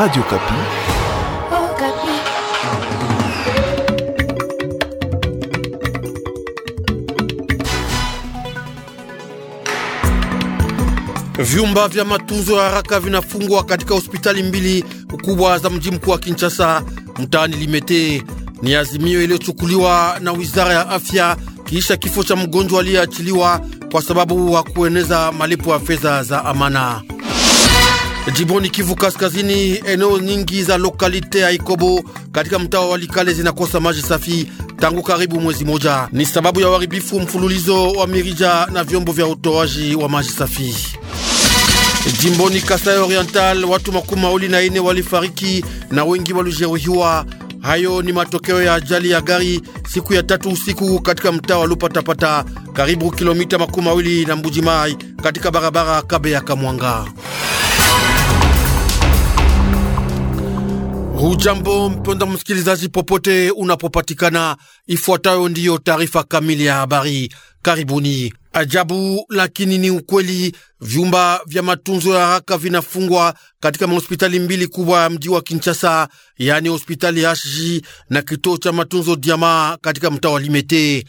Radio Kapi. Oh, Kapi. Vyumba vya matunzo ya haraka vinafungwa katika hospitali mbili kubwa za mji mkuu wa Kinshasa mtaani Limete. Ni azimio iliyochukuliwa na Wizara ya Afya kisha kifo cha mgonjwa aliyeachiliwa kwa sababu hakueneza malipo ya fedha za amana. Jimboni Kivu Kaskazini, eneo nyingi za lokalite ya Ikobo katika mtaa wa Likale zinakosa maji safi tangu karibu mwezi moja. Ni sababu ya uharibifu mfululizo wa mirija na vyombo vya utoaji wa maji safi. Jimboni Kasai Oriental, watu makumi mawili na ine walifariki na wengi walijeruhiwa. Hayo ni matokeo ya ajali ya gari siku ya tatu usiku katika mtaa wa Lupatapata, karibu kilomita makumi mawili na Mbujimai, katika barabara Kabeya Kamwanga. Hujambo mpenda msikilizaji, popote unapopatikana, ifuatayo ndiyo taarifa kamili ya habari. Karibuni. Ajabu lakini ni ukweli, vyumba vya matunzo ya haraka vinafungwa katika mahospitali mbili kubwa ya mji wa Kinshasa, yaani hospitali Hashi na kituo cha matunzo Diama katika mtaa wa Limete.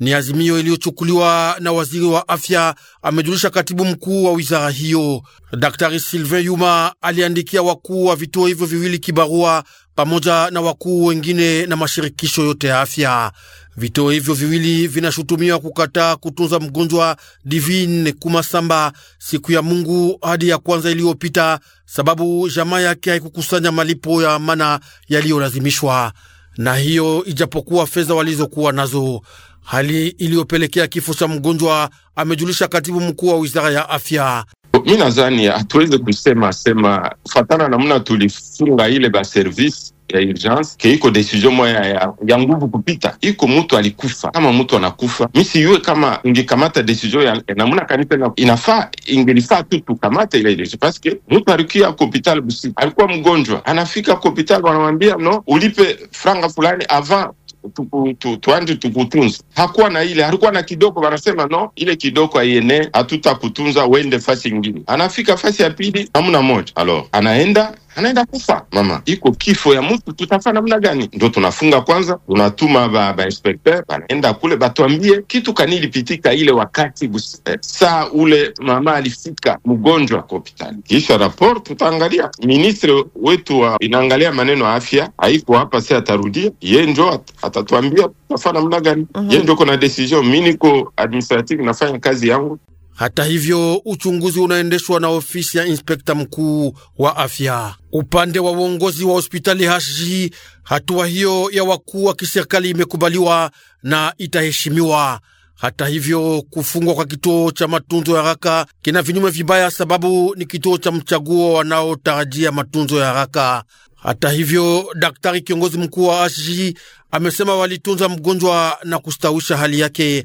Ni azimio iliyochukuliwa na waziri wa afya, amejulisha katibu mkuu wa wizara hiyo. Daktari Sylvain Yuma aliandikia wakuu wa vituo hivyo viwili kibarua pamoja na wakuu wengine na mashirikisho yote ya afya. Vituo hivyo viwili vinashutumiwa kukataa kutunza mgonjwa Divine Kumasamba siku ya Mungu hadi ya kwanza iliyopita, sababu jamaa yake haikukusanya malipo ya amana yaliyolazimishwa na hiyo, ijapokuwa fedha walizokuwa nazo hali iliyopelekea kifo cha mgonjwa, amejulisha katibu mkuu wa wizara ya afya. Mi nadhani hatuwezi kusema sema kufatana namna tulifunga ile ba service ya urgence ke iko decision moya ya, ya nguvu kupita. Iko mutu alikufa, kama mutu anakufa, misi yue kama ingekamata decision ya, namuna kanipe na inafaa, ingelifaa tu tukamate ile decision paske mutu alikia hospitali busiku, alikuwa mgonjwa, anafika hospitali wanamwambia no, ulipe franga fulani avant tuku, tukutunze. tukutunza. Hakuwa na ile, alikuwa na kidogo, wanasema no, ile kidogo aiene, hatutakutunza, wende fasi ingine. Anafika fasi ya pili, hamna moja, alo anaenda anaenda kufa mama, iko kifo ya mtu, tutafaa namna gani? Ndo tunafunga kwanza, tunatuma ba ba inspecteur banaenda kule batwambie kitu kani ilipitika ile wakati busi, eh, saa ule mama alifika mgonjwa kwa hospitali. Kisha raport tutaangalia, ministre wetu wa inaangalia maneno ya afya haiko hapa, si atarudia ye njo atatuambia tutafaa namna gani. Mhm. Ye ko na decision, mi niko administrative nafanya kazi yangu. Hata hivyo, uchunguzi unaendeshwa na ofisi ya inspekta mkuu wa afya upande wa uongozi wa hospitali HG, Hatua hiyo ya wakuu wa kiserikali imekubaliwa na itaheshimiwa. Hata hivyo, kufungwa kwa kituo cha matunzo ya haraka kina vinyume vibaya, sababu ni kituo cha mchaguo wanaotarajia matunzo ya haraka. Hata hivyo, daktari kiongozi mkuu wa HG amesema walitunza mgonjwa na kustawisha hali yake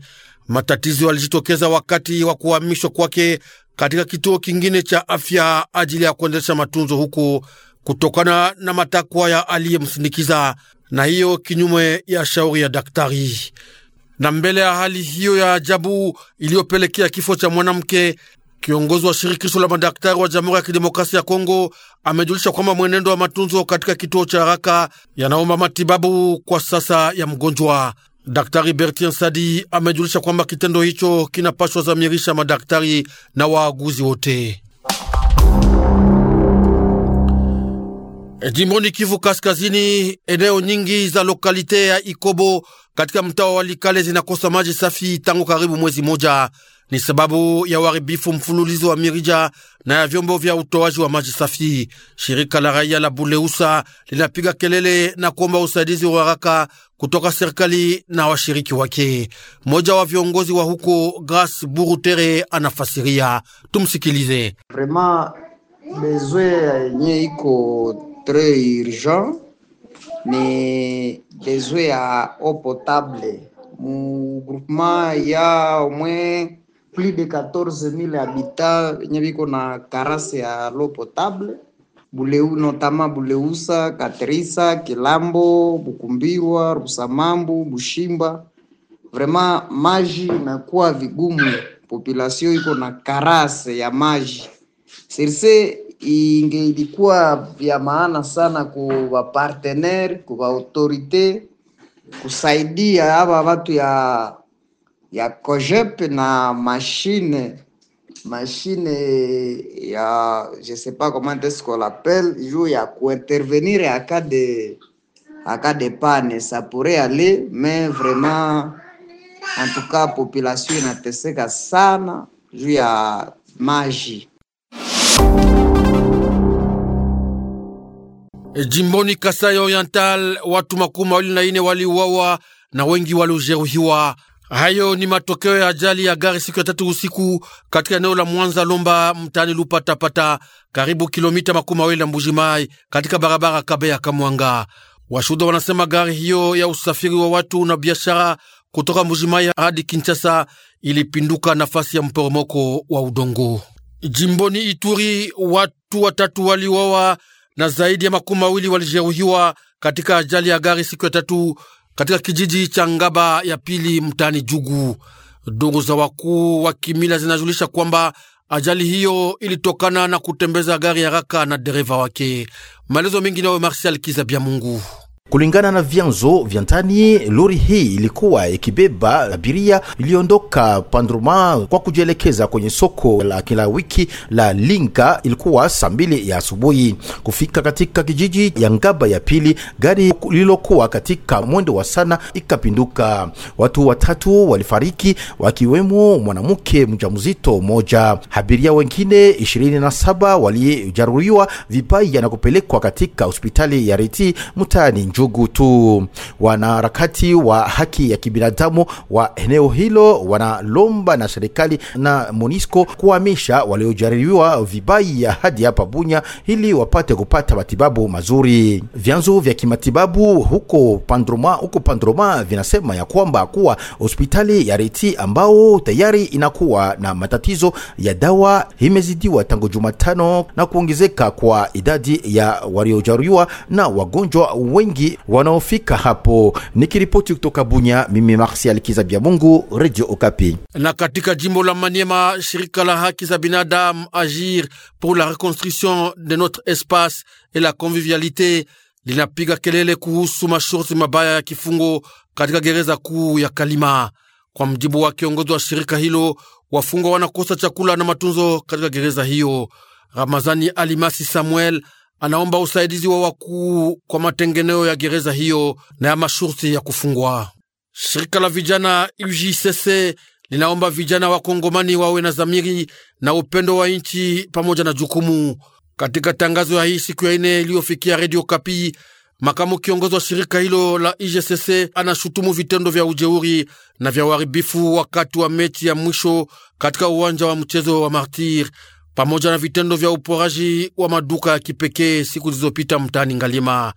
Matatizo yalijitokeza wakati wa kuhamishwa kwake katika kituo kingine cha afya ajili ya kuendesha matunzo huko, kutokana na matakwa ya aliyemsindikiza na hiyo kinyume ya shauri ya daktari. Na mbele ya hali hiyo ya ajabu iliyopelekea kifo cha mwanamke, kiongozi wa shirikisho la madaktari wa Jamhuri ya Kidemokrasia ya Kongo amejulisha kwamba mwenendo wa matunzo katika kituo cha haraka yanaomba matibabu kwa sasa ya mgonjwa. Daktari Bertien Sadi amejulisha kwamba kitendo hicho kinapashwa zamirisha madaktari na waaguzi wote. Jimboni Kivu Kaskazini, eneo nyingi za lokalite ya Ikobo katika mtaa wa Walikale zinakosa maji safi tangu karibu mwezi moja ni sababu ya uharibifu mfululizo wa mirija na ya vyombo vya utoaji wa maji safi. Shirika la raia la Buleusa linapiga kelele na kuomba usaidizi wa haraka kutoka serikali na washiriki wake. Mmoja wa viongozi wa huko Gras Burutere anafasiria, tumsikilize. Vraiment bezwe yenye iko urgent ni bezwe ya eau potable mu groupement ya plus de 14000 habitants yenye viko na karase ya l'eau potable Buleu, notama Buleusa, Katerisa, Kilambo, Bukumbiwa, Rusamambu, Bushimba. Vraiment maji inakuwa vigumu, population iko na karase ya maji serse. Inge ilikuwa vya maana sana ku partenaire ku autorite kusaidia aba watu ya ya COGEP na machine machine ya je sais pas comment est-ce qu'on l'appelle juu ya kuintervenir en cas de en cas de panne, ça pourrait aller, mais vraiment en tout cas population inateseka sana juu ya maji. E, jimboni Kasai Oriental watu makumi mawili na ine waliuawa na wengi waliojeruhiwa Hayo ni matokeo ya ajali ya gari siku ya tatu usiku katika eneo la Mwanza Lomba mtaani Lupatapata, karibu kilomita makumi mawili na Mbujimai katika barabara Kabeya Kamwanga. Washuhuda wanasema gari hiyo ya usafiri wa watu na biashara kutoka Mbujimai hadi Kinshasa ilipinduka nafasi ya mporomoko wa udongo. Jimboni Ituri, watu watatu waliuawa na zaidi ya makumi mawili walijeruhiwa katika ajali ya gari siku ya tatu katika kijiji cha Ngaba ya pili mtaani Jugu. Ndugu za wakuu wa kimila zinajulisha kwamba ajali hiyo ilitokana na kutembeza gari haraka na dereva wake. Maelezo mengi nayo Marshal Kiza Bya Mungu. Kulingana na vyanzo vya ndani, lori hii ilikuwa ikibeba abiria iliondoka Pandruma kwa kujielekeza kwenye soko la kila wiki la Linga. Ilikuwa saa mbili ya asubuhi kufika katika kijiji ya Ngaba ya pili, gari lililokuwa katika mwendo wa sana ikapinduka. Watu watatu walifariki wakiwemo mwanamke mjamzito mmoja. Abiria wengine ishirini na saba walijaruriwa vibaya na kupelekwa katika hospitali ya Reti mtaani Jugu tu. Wanaharakati wa haki ya kibinadamu wa eneo hilo wanalomba na serikali na Monisco kuhamisha vibai ya hadi hapa Bunya ili wapate kupata matibabu mazuri. Vyanzo vya kimatibabu huko Pandroma, huko Pandroma vinasema ya kwamba kuwa hospitali ya Reti ambao tayari inakuwa na matatizo ya dawa imezidiwa tangu Jumatano na kuongezeka kwa idadi ya waliojeruhiwa na wagonjwa wengi wanaofika hapo. Nikiripoti kutoka Bunya, mimi Marsial Kizabia Mungu, Radio Okapi. Na katika jimbo la Maniema, shirika la haki za binadamu Agir pour la reconstruction de notre espace et la convivialité linapiga kelele kuhusu masharti mabaya ya kifungo katika gereza kuu ya Kalima. Kwa mjibu wa kiongozi wa shirika hilo, wafungwa wanakosa chakula na matunzo katika gereza hiyo. Ramazani Alimasi Samuel anaomba usaidizi wa wakuu kwa matengeneo ya gereza hiyo na ya mashurti ya kufungwa. Shirika la vijana UJCC linaomba vijana wakongomani wawe na zamiri na upendo wa nchi pamoja na jukumu. Katika tangazo ya hii siku ya ine iliyofikia redio Kapi, makamu kiongozi wa shirika hilo la UJCC anashutumu vitendo vya ujeuri na vya uharibifu wakati wa mechi ya mwisho katika uwanja wa mchezo wa Martir pamoja na vitendo vya uporaji wa maduka ya kipekee siku zilizopita mtaani Ngalima.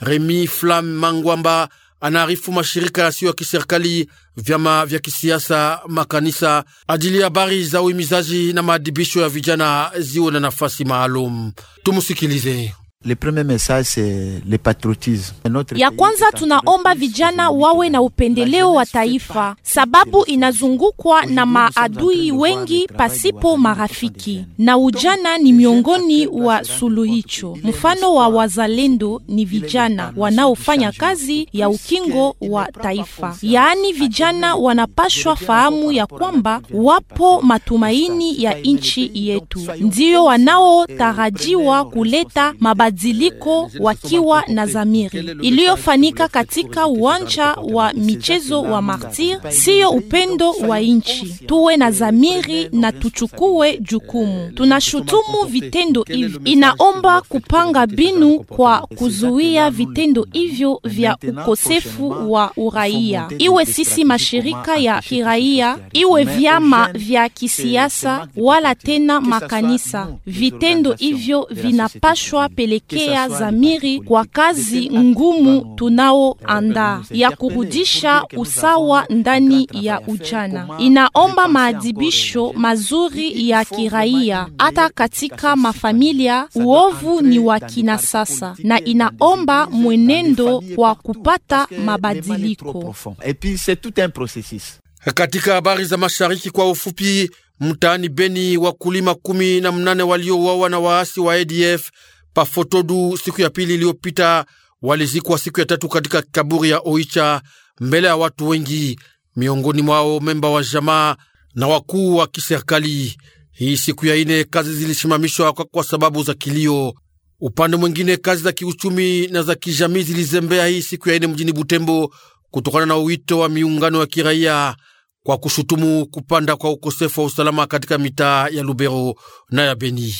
Remi Flam Mangwamba anaarifu mashirika yasiyo ya kiserikali, vyama vya kisiasa, makanisa, ajili habari za uhimizaji na maadibisho ya vijana ziwe na nafasi maalum. Tumusikilize. Le premier message c'est le patriotisme. Ya kwanza tunaomba vijana wawe na upendeleo wa taifa, sababu inazungukwa na maadui wengi pasipo marafiki, na ujana ni miongoni wa suluhicho. Mfano wa wazalendo ni vijana wanaofanya kazi ya ukingo wa taifa, yaani vijana wanapashwa fahamu ya kwamba wapo matumaini ya nchi yetu, ndiyo wanaotarajiwa kuleta mabadiliko mabadiliko eh, wakiwa na zamiri iliyofanyika katika uwanja wa michezo wa Martir, siyo upendo wa nchi. Tuwe na eh, zamiri na tuchukue jukumu. Eh, Tunashutumu vitendo hivyo, inaomba kupanga binu kwa kuzuia vitendo hivyo vya ukosefu wa uraia, iwe sisi mashirika ya kiraia, iwe vyama vya kisiasa, wala tena makanisa. Vitendo hivyo vinapashwa pele kuelekea zamiri kwa kazi ngumu tunaoandaa ya kurudisha usawa ndani ya ujana. Inaomba maadhibisho mazuri ya kiraia hata katika mafamilia. Uovu ni wa kina sasa na inaomba mwenendo wa kupata mabadiliko. Katika habari za mashariki kwa ufupi, mtaani Beni wakulima kumi na mnane waliouawa na waasi wa ADF Pafotodu siku ya pili iliyopita, walizikwa siku ya tatu katika kaburi ya Oicha mbele ya watu wengi, miongoni mwao memba wa jamaa na wakuu wa kiserikali. Hii siku ya ine kazi zilisimamishwa kwa, kwa sababu za kilio. Upande mwingine, kazi za kiuchumi na za kijamii zilizembea hii siku ya ine mjini Butembo kutokana na wito wa miungano ya kiraia kwa kushutumu kupanda kwa ukosefu wa usalama katika mitaa ya Lubero na ya Beni.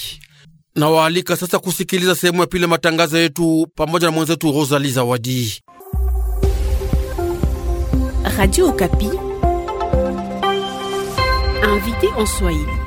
Nawaalika sasa kusikiliza sehemu ya pili matangazo yetu pamoja na mwenzetu Rosali Zawadi, Radio Okapi, invité en Swahili.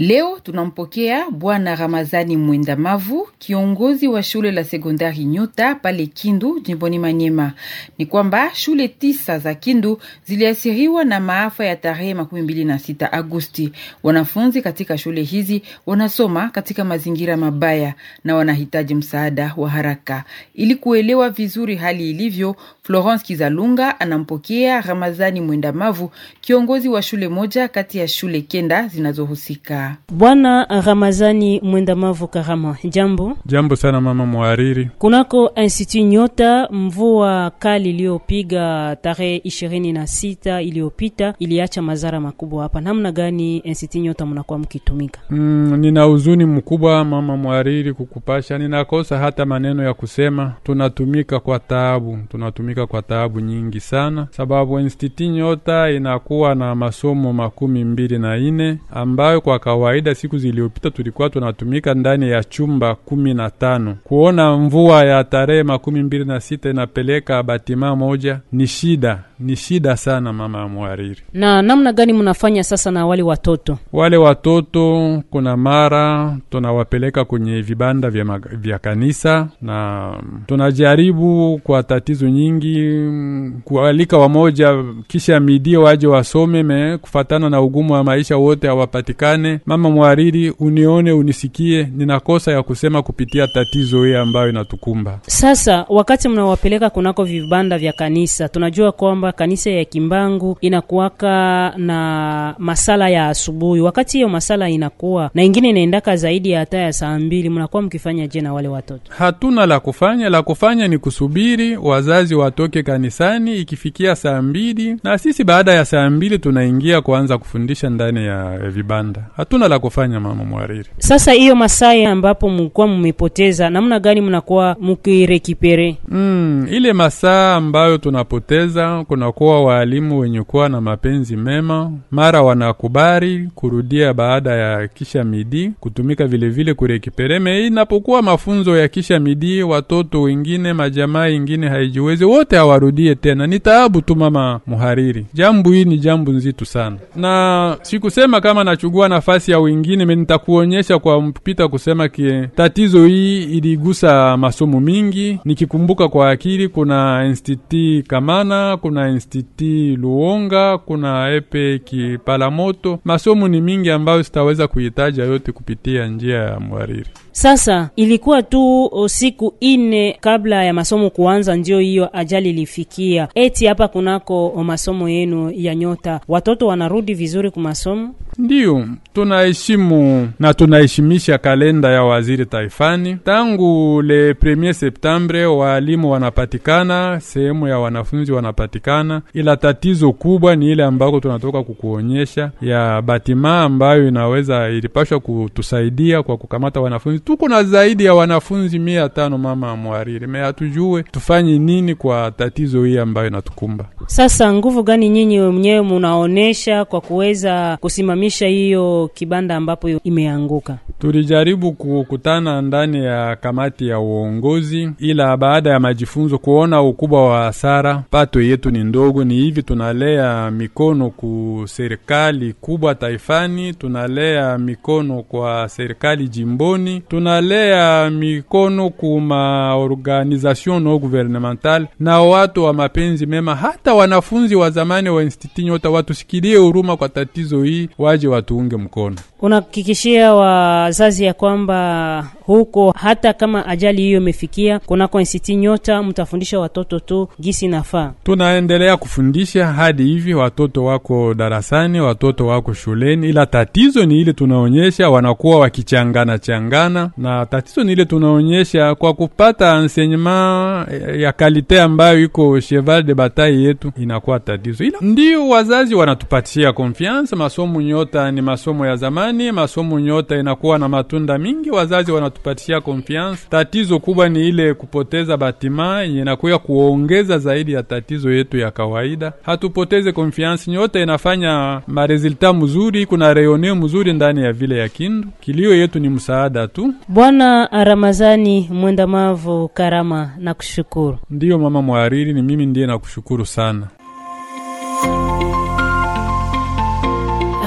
Leo tunampokea Bwana Ramazani mwenda mavu kiongozi wa shule la sekondari Nyota pale Kindu, jimboni Manyema. Ni kwamba shule tisa za Kindu ziliathiriwa na maafa ya tarehe makumi mbili na sita Agosti. Wanafunzi katika shule hizi wanasoma katika mazingira mabaya na wanahitaji msaada wa haraka. Ili kuelewa vizuri hali ilivyo, Florence Kizalunga anampokea Ramazani Mwendamavu, kiongozi wa shule moja kati ya shule kenda zinazohusika. Bwana Ramazani mwenda mavu Karama, jambo. Jambo sana mama mwariri. Kunako Institut Nyota, mvua kali iliyopiga tarehe ishirini na sita iliyopita iliacha madhara makubwa hapa. Namna gani Institut Nyota mnakuwa mkitumika? Mm, nina huzuni mkubwa mama mwariri kukupasha, ninakosa hata maneno ya kusema. Tunatumika kwa taabu, tunatumika kwa taabu nyingi sana, sababu Institut Nyota inakuwa na masomo makumi mbili na ine ambayo kwa kawaida, siku ziliyopita tulikuwa tunatumika ndani ya chumba kumi na tano. Kuona mvua ya tarehe makumi mbili na sita inapeleka batima moja ni shida ni shida sana mama ya mhariri. Na namna gani mnafanya sasa na wale watoto? Wale watoto kuna mara tunawapeleka kwenye vibanda vya, vya kanisa na tunajaribu kwa tatizo nyingi mm, kualika wamoja kisha midi waje wasome, me kufatana na ugumu wa maisha wote hawapatikane. Mama mwariri, unione unisikie, nina kosa ya kusema kupitia tatizo hii ambayo inatukumba sasa. Wakati mnawapeleka kunako vibanda vya kanisa, tunajua kwamba kwamba kanisa ya Kimbangu inakuwaka na masala ya asubuhi. Wakati hiyo masala inakuwa na ingine inaendaka zaidi ya hata ya saa mbili, mnakuwa mkifanya je na wale watoto? Hatuna la kufanya, la kufanya ni kusubiri wazazi watoke kanisani ikifikia saa mbili, na sisi baada ya saa mbili tunaingia kuanza kufundisha ndani ya vibanda. Hatuna la kufanya, mama mwariri. Sasa hiyo masaa ambapo mlikuwa mmepoteza, namna gani mnakuwa mkirekipere? Mm, ile masaa ambayo tunapoteza kunakuwa waalimu wenye kuwa na mapenzi mema, mara wanakubali kurudia baada ya kisha midi kutumika vilevile vile kurekipereme. Hii inapokuwa mafunzo ya kisha midi, watoto wengine majamaa ingine haijiwezi wote hawarudie tena, ni taabu tu mama muhariri. Jambo hii ni jambo nzito sana, na sikusema kama nachugua nafasi ya wengine, nitakuonyesha kwa mpita kusema ki tatizo hii iligusa masomo mingi, nikikumbuka kwa akili kuna instituti Kamana, kuna kuna Institut Luonga, kuna epe Kipalamoto. Masomo ni mingi ambayo sitaweza kuitaja yote kupitia njia ya mwariri. Sasa ilikuwa tu siku ine kabla ya masomo kuanza, ndio hiyo ajali ilifikia. Eti hapa kunako masomo yenu ya Nyota, watoto wanarudi vizuri ku masomo? Ndiyo, tunaheshimu na tunaheshimisha kalenda ya waziri taifani. Tangu le 1er Septembre waalimu wanapatikana, sehemu ya wanafunzi wanapatikana, ila tatizo kubwa ni ile ambako tunatoka kukuonyesha ya batima ambayo inaweza ilipashwa kutusaidia kwa kukamata wanafunzi tuko na zaidi ya wanafunzi mia tano mama amwariri me, hatujue tufanye nini kwa tatizo hii ambayo inatukumba sasa. Nguvu gani nyinyi mwenyewe munaonesha kwa kuweza kusimamisha hiyo kibanda ambapo imeanguka? Tulijaribu kukutana ndani ya kamati ya uongozi, ila baada ya majifunzo kuona ukubwa wa hasara, pato yetu ni ndogo. Ni hivi tunalea mikono ku serikali kubwa taifani, tunalea mikono kwa serikali jimboni, tunalea tunalea mikono kuma organization no gouvernemental na watu wa mapenzi mema, hata wanafunzi wa zamani wa instituti nyota watusikilie huruma kwa tatizo hii, waje watuunge mkono. Unahakikishia wazazi ya kwamba huko hata kama ajali hiyo imefikia kunako instituti nyota, mtafundisha watoto tu gisi nafaa. Tunaendelea kufundisha hadi hivi, watoto wako darasani, watoto wako shuleni, ila tatizo ni ile tunaonyesha wanakuwa wakichangana changana sana, na tatizo ni ile tunaonyesha kwa kupata enseignement ya kalite ambayo iko cheval de bataille yetu inakuwa tatizo, ila ndio wazazi wanatupatia confiance. Masomo nyota ni masomo ya zamani, masomo nyota inakuwa na matunda mingi, wazazi wanatupatia confiance. Tatizo kubwa ni ile kupoteza batima inakuya kuongeza zaidi ya tatizo yetu ya kawaida. Hatupoteze confiance, nyota inafanya maresultat mzuri, kuna reone mzuri ndani ya vile ya Kindu. Kilio yetu ni msaada tu karibu. Bwana Ramazani mavu Karama, na kushukuru. Ndiyo mama mwariri, ni mimi ndiye nakushukuru sana.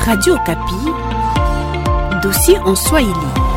Radio Kapi, dossier en Swahili.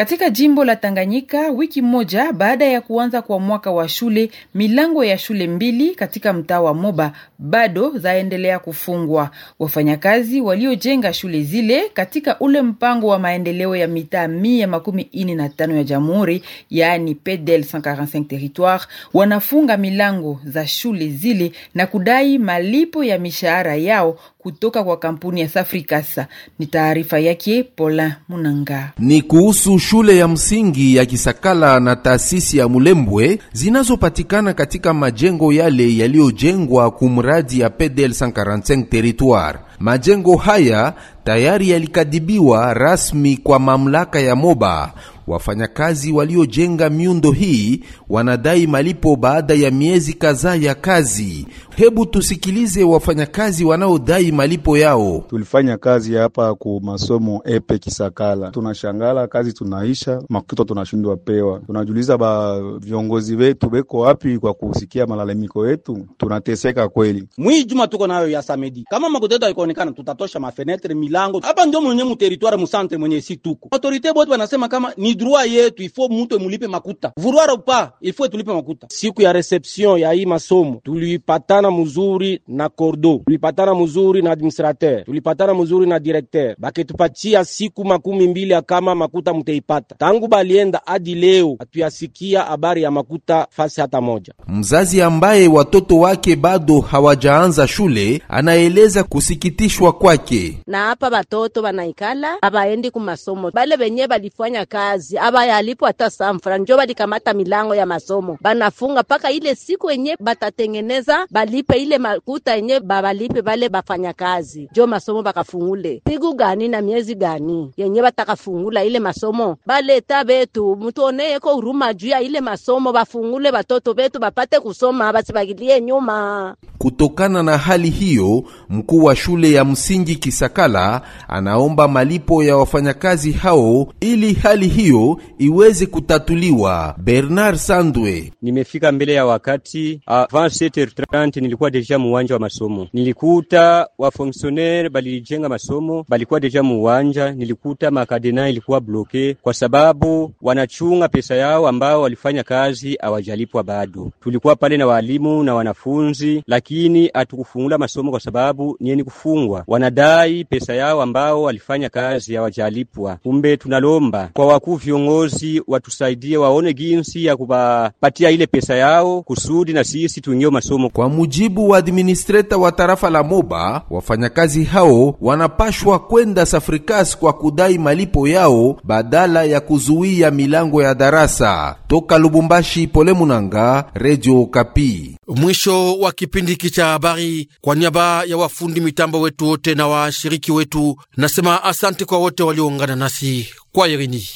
Katika jimbo la Tanganyika, wiki moja baada ya kuanza kwa mwaka wa shule, milango ya shule mbili katika mtaa wa Moba bado zaendelea kufungwa. Wafanyakazi waliojenga shule zile katika ule mpango wa maendeleo ya mitaa mia makumi ini na tano ya jamhuri, yaani PEDEL 145 territoire, wanafunga milango za shule zile na kudai malipo ya mishahara yao kutoka kwa kampuni ya Safrikasa. Ni taarifa yake Pola Munanga. Ni kuhusu shule ya msingi ya Kisakala na taasisi ya Mulembwe zinazopatikana katika majengo yale yaliyojengwa kumradi ya PDL 145 territoire. Majengo haya tayari yalikadibiwa rasmi kwa mamlaka ya Moba. Wafanyakazi waliojenga miundo hii wanadai malipo baada ya miezi kadhaa ya kazi. Hebu tusikilize wafanyakazi wanaodai malipo yao. Tulifanya kazi hapa ku masomo epe Kisakala, tunashangala kazi tunaisha makuta tunashindwa pewa. Tunajuliza ba viongozi wetu beko wapi kwa kusikia malalamiko yetu, tunateseka kweli. Mwii juma tuko nayo ya samedi, kama makuta yetu haikoonekana, tutatosha mafenetre milango hapa. Ndio mwenye muteritware musantre mwenye si tuko autorite bote wanasema kama ni droit yetu, ifo mutu emulipe makuta vuruaro ifo tulipe makuta. Siku ya reception ya hii masomo tulipatana tulipatana mzuri na kordo, tulipatana mzuri na administrateur, tulipatana mzuri na directeur, baketupatia siku makumi mbili akama makuta mteipata. Tangu balienda hadi leo hatuyasikia habari ya makuta fasi hata moja. Mzazi ambaye watoto wake bado hawajaanza shule anaeleza kusikitishwa kwake. Na hapa batoto banaikala abaendi kumasomo, bale benye balifanya kazi abayalipo hata samfra, njo balikamata milango ya masomo banafunga mpaka ile siku yenye batatengeneza bali balipe ile makuta yenye babalipe bale bafanya kazi jo masomo bakafungule siku gani na miezi gani yenye batakafungula ile masomo, baleta betu mutuoneyeko huruma juu ya ile masomo, bafungule batoto betu bapate kusoma, basibagilie nyuma. Kutokana na hali hiyo, mkuu wa shule ya msingi Kisakala anaomba malipo ya wafanyakazi hao ili hali hiyo iweze kutatuliwa. Bernard Sandwe: nimefika mbele ya wakati avance h 30 wakati nilikuwa deja muwanja wa masomo, nilikuta wafonksionere balijenga masomo balikuwa deja muwanja. Nilikuta makadena ilikuwa bloke kwa sababu wanachunga pesa yao ambao walifanya kazi awajalipwa bado. Tulikuwa pale na walimu na wanafunzi, lakini hatukufungula masomo kwa sababu nieni kufungwa, wanadai pesa yao ambao walifanya kazi awajalipwa. Kumbe tunalomba kwa wakuu viongozi watusaidie, waone jinsi ya kuwapatia ile pesa yao kusudi na sisi tuingie masomo kwa mujibu mujibu wa administreta wa tarafa la Moba, wafanyakazi hao wanapashwa kwenda Safrikas kwa kudai malipo yao badala ya kuzuia milango ya darasa. Toka Lubumbashi, Pole Munanga, Radio Kapi. Mwisho wa kipindi hiki cha habari, kwa niaba ya wafundi mitambo wetu wote na washiriki wetu, nasema asante kwa wote walioungana nasi kwa Irini.